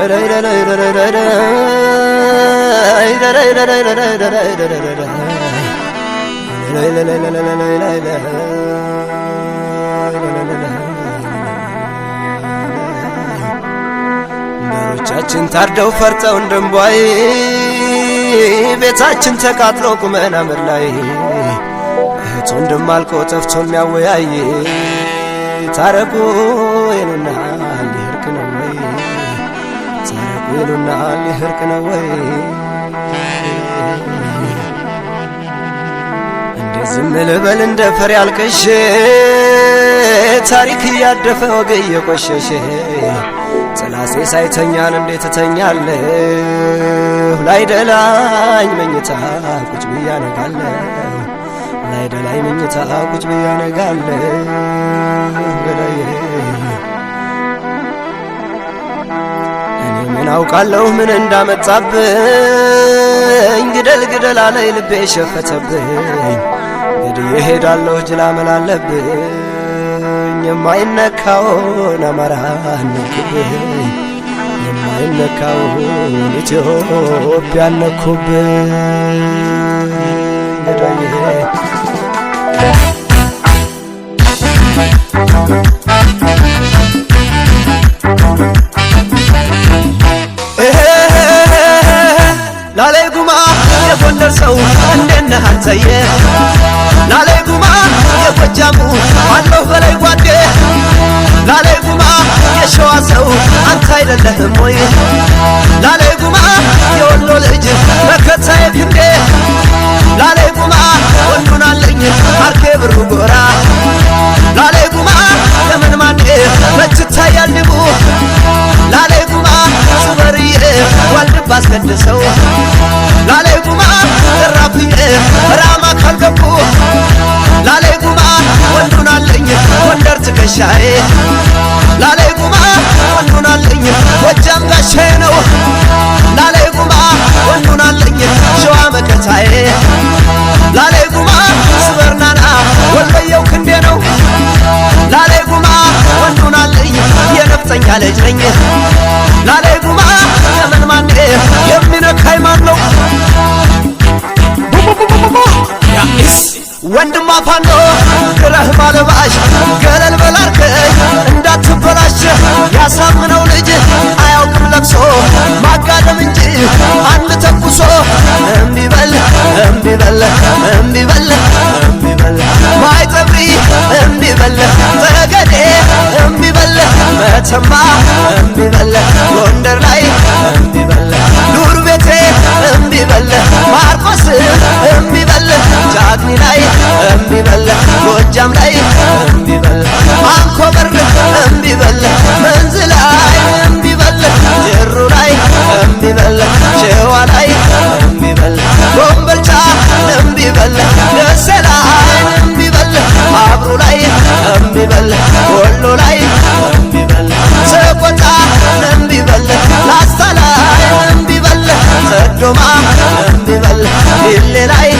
በሮቻችን ታርደው ፈርጠው እንደንቧይ ቤታችን ተቃጥሎ ቁመና አመድ ላይ እህት ወንድም አልቆ ጠፍቶ የሚያወያይ ታረቁ የንና ሊርቅ ነው ወይ ጻድቁ ነው ወይ? እንደ ዝም ልበል እንደ ፈሪ ታሪክ እያደፈ ወገ እየቆሸሸ ጽላሴ ሳይተኛል እንዴት እተኛለሁ? ደላኝ መኝታ ቁጭ ብዬ ላይ ደላኝ መኝታ ቁጭ ብያ አነጋለሁ አውቃለሁ ምን እንዳመጣብኝ ግደል ግደል አለኝ ልቤ ሸፈተብኝ ግድዬ ሄዳለሁ ጅላ መላለብኝ የማይነካውን አማራ ነኩብኝ የማይነካውን ኢትዮጵያ ነኩብኝ ግዳዬ የጎንደር ሰው እንደነህ አንተዬ ላለይ ጉማ የጎጃሙ አለሁ በላይ ጓዴ ላለይ ጉማ የሸዋ ሰው አንተ አይደለህም ወይ ላለይ ጉማ የወሎ ልጅ መከታዬ ክንዴ ላለይ ጉማ ወንዱን አለኝ አርኬ ብሩ ጎራ ላለይ ጉማ ለምን ማኔ መችታያልቡ ላለይ ጉማ ሱበርዬ ዋልድባ አስገድሰው ትከሻዬ ላላይ ጉማ ወንዱን ወጃም ጎጃም ነው ላላይ ጉማ ወንዱን አለኝ ሸዋ መከታዬ ላላይ ጉማ ስበርናና ወሎየው ክንዴ ነው ላላይ ጉማ ወንዱን አለኝ የነፍጠኛ ልጅ ነኝ ላላይ ጉማ የምን ማኔ የሚነካይ ማን ነው ወንድማ ፋኖ ግረህ ባለባሽ El que الليل عين